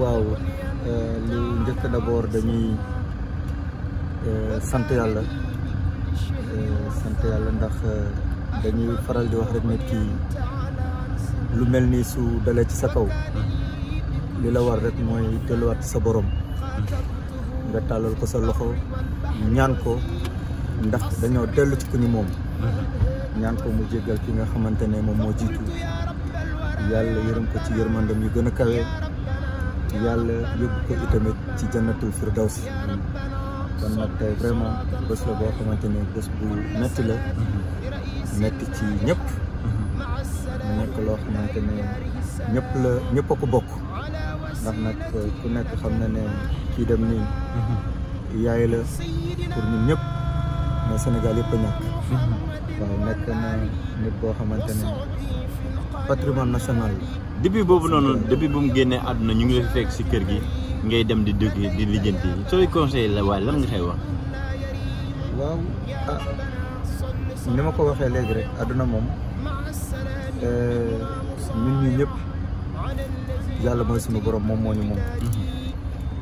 waaw eh, li njëkk d'abord dañuy eh, sant yàlla eh, sant yàlla ndax dañuy faral di wax rek nit ki lu mel ni su dalee ci sa kaw li la war rek mooy delluwaat sa borom nga tàllal ko sa loxo ñaan ko ndax dañoo dellu ci ku ñu moom ñaan ko mu jéggal ki nga xamante ne moom moo jiitu yàlla yërëm ko ci yërmandam yu gën a kawe yàlla yóbbu ko itamit ci jannatul firdawsi kon nag tey vraiment bés la boo xamante ne bés bu metti la metti ci ñëpp nekk loo xamante ne ñëpp la ñëpp a ko bokk ndax ku nekk xam na ne kii dem nii yaay la pour ñun ñëpp mais Sénégal yëpp a ñàkk waaw nekk na nit boo xamante ne patrimoine national depuis boobu noonu depuis bu mu génnee àdduna ñu ngi la fekk si kër gi ngay dem di dugg di lijjanti sooy conseil la waaye lan nga xay wax. waaw ah ni ma ko waxee léegi rek àdduna moom eh, ñun ñu ñëpp yàlla mooy suñu borom moom moo ñu moom. Mm-hmm.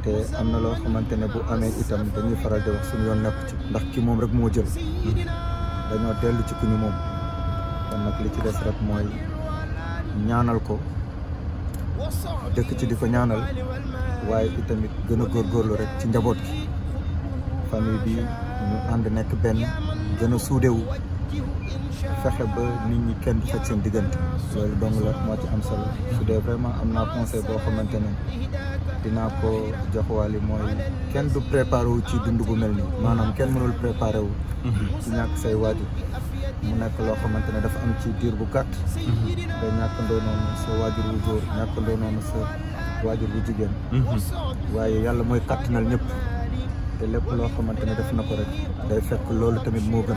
te am na loo xamante ne bu amee itam dañuy faral di wax suñu yoon nekk ci ndax ki rek jël. Mm-hmm. ci li ci rek ñaanal ko. dëkk ci di ko ñaanal waaye itamit gën a góorlu rek ci njaboot gi famille bi ñu ànd nekk benn gën a suudewu fexe ba nit ñi kenn du fekk seen diggante loolu dong la moo ci am solo su dee vraiment am naa conseil boo xamante ne dinaa ko jox yi mooy kenn du préparé wu ci dund bu mel nii maanaam kenn mënul préparé wu ci ñàkk say waajur mu nekk loo xamante ne dafa am ci diir bu gàtt da ñàkk noonu sa waajur wu góor ñàkkandoo noonu sa waajur jigéen waaye yàlla mooy kàttanal ñëpp te lépp loo xamante ne def na ko rek day fekk loolu tamit moo gën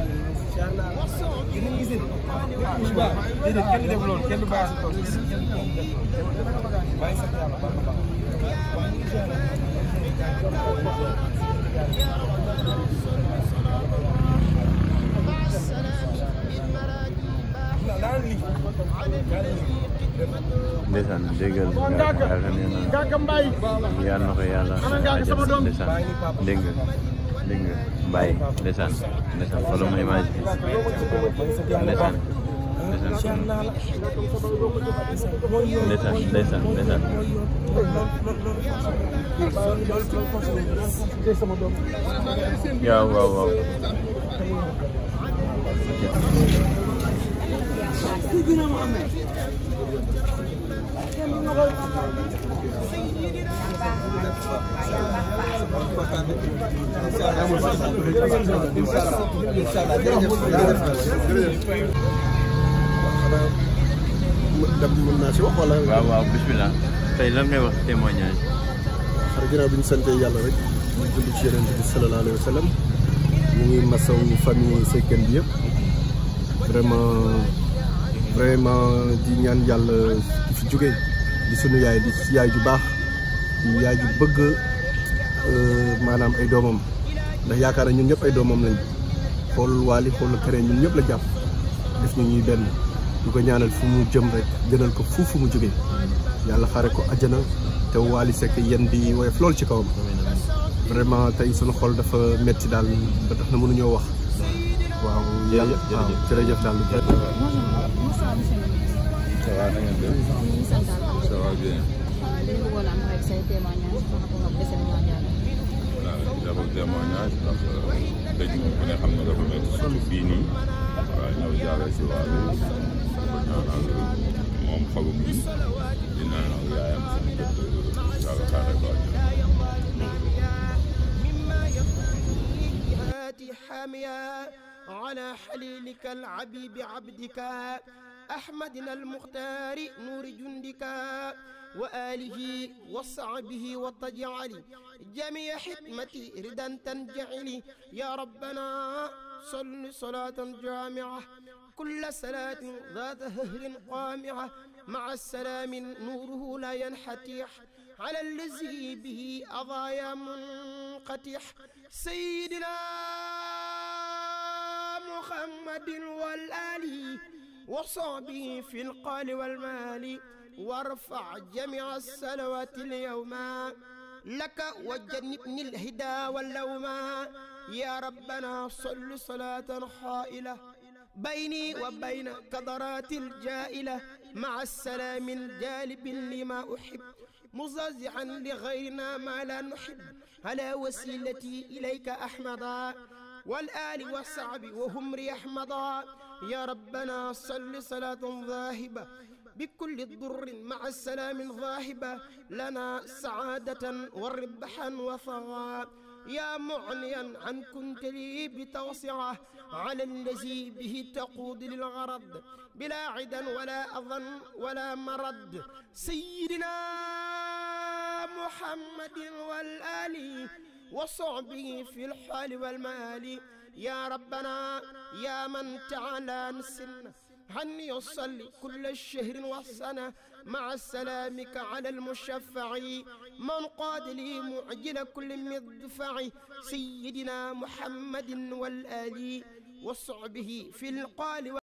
yéen a ngi gisee Touba déedéet kenn def loolu kenn du bàyyi sa tool bàyyi sa yàlla baax a baax. ndeysaan déggal nga yaakaar ne na yàlla na ko yàlla dégg nga dégg nga bàyyi ndeysaan ndeysaan xoolal ma image bi ndeysaan ndeysaan ndeysaan ndeysaan ndeysaan waaw waaw waaw dab mën naa si wax wala. waaw waaw bismillah tey lan ngay wax témoignage. xar ginnaaw bi ñu santee yàlla rek ñu julli ci yonent bi sallallahu alayhi wa sallam ñu ngi masawu famille Seckène bi yëpp vraiment. vraiment di ñaan yàlla di fi jóge di sunu yaay di yaay ju baax di yaay ju bëgg euh, maanaam ay doomam ndax yaakaar na ñun ñëpp ay doomam lañ xool waali xoolul keneen ñun ñëpp la jàpp def ñu ñuy benn du ko ñaanal fu mu jëm rek gënal ko fu fu mu jógee yàlla xare ko àjjana te Waly sekk yéen di woyof lool ci kawam vraiment tey sunu xool dafa metti daal ba tax na mënuñoo wax waaw jërëjëf jërëjëf jërëjëf daal lu jërëjëf. ça va monsieur le ministre. ça va na ngeen def. ñu ngi sant daal. ça va bien. dañu bëggoon am rek say témoignage par rapport ak décès Mame Diarra. voilà d'abord témoignage parce que euh, dëj moom ku ne xam ne dafa métti surtout fii nii waaw ñëw jaare si waa bi ñaanal moom xagum bi di ñaanal yaayam suñu dëkk yàlla xaare ko حاميا على حليلك العبيب عبدك أحمدنا المختار نور جندك وآله وصعبه وتجعلي جميع حكمتي ردا تنجعلي يا ربنا صل صلاة جامعة كل صلاة ذات ههر قامعة مع السلام نوره لا ينحتح على الذي به أضايا منقتح سيدنا محمد والآل وصحبه في القال والمال وارفع جميع الصلوات اليوم لك وجنبني الهدى واللوم يا ربنا صل صلاة حائلة بيني وبين كدرات الجائلة مع السلام الجالب لما أحب مزازعا لغيرنا ما لا نحب على وسيلتي إليك أحمد والآل والصعب وهم رياح مضى يا ربنا صل صلاة ذاهبة بكل ضر مع السلام ظاهبة لنا سعادة وربحا وثغى يا معنيا عن كنت لي بتوسعة على الذي به تقود للغرض بلا عدا ولا أظن ولا مرد سيدنا محمد والآل وصعبه في الحال والمال يا ربنا يا من تعالى نسلنا هن يصلي كل شهر وسنة مع سلامك على المشفع من قاد لي معجل كل مدفع سيدنا محمد والآلي وصعبه في القال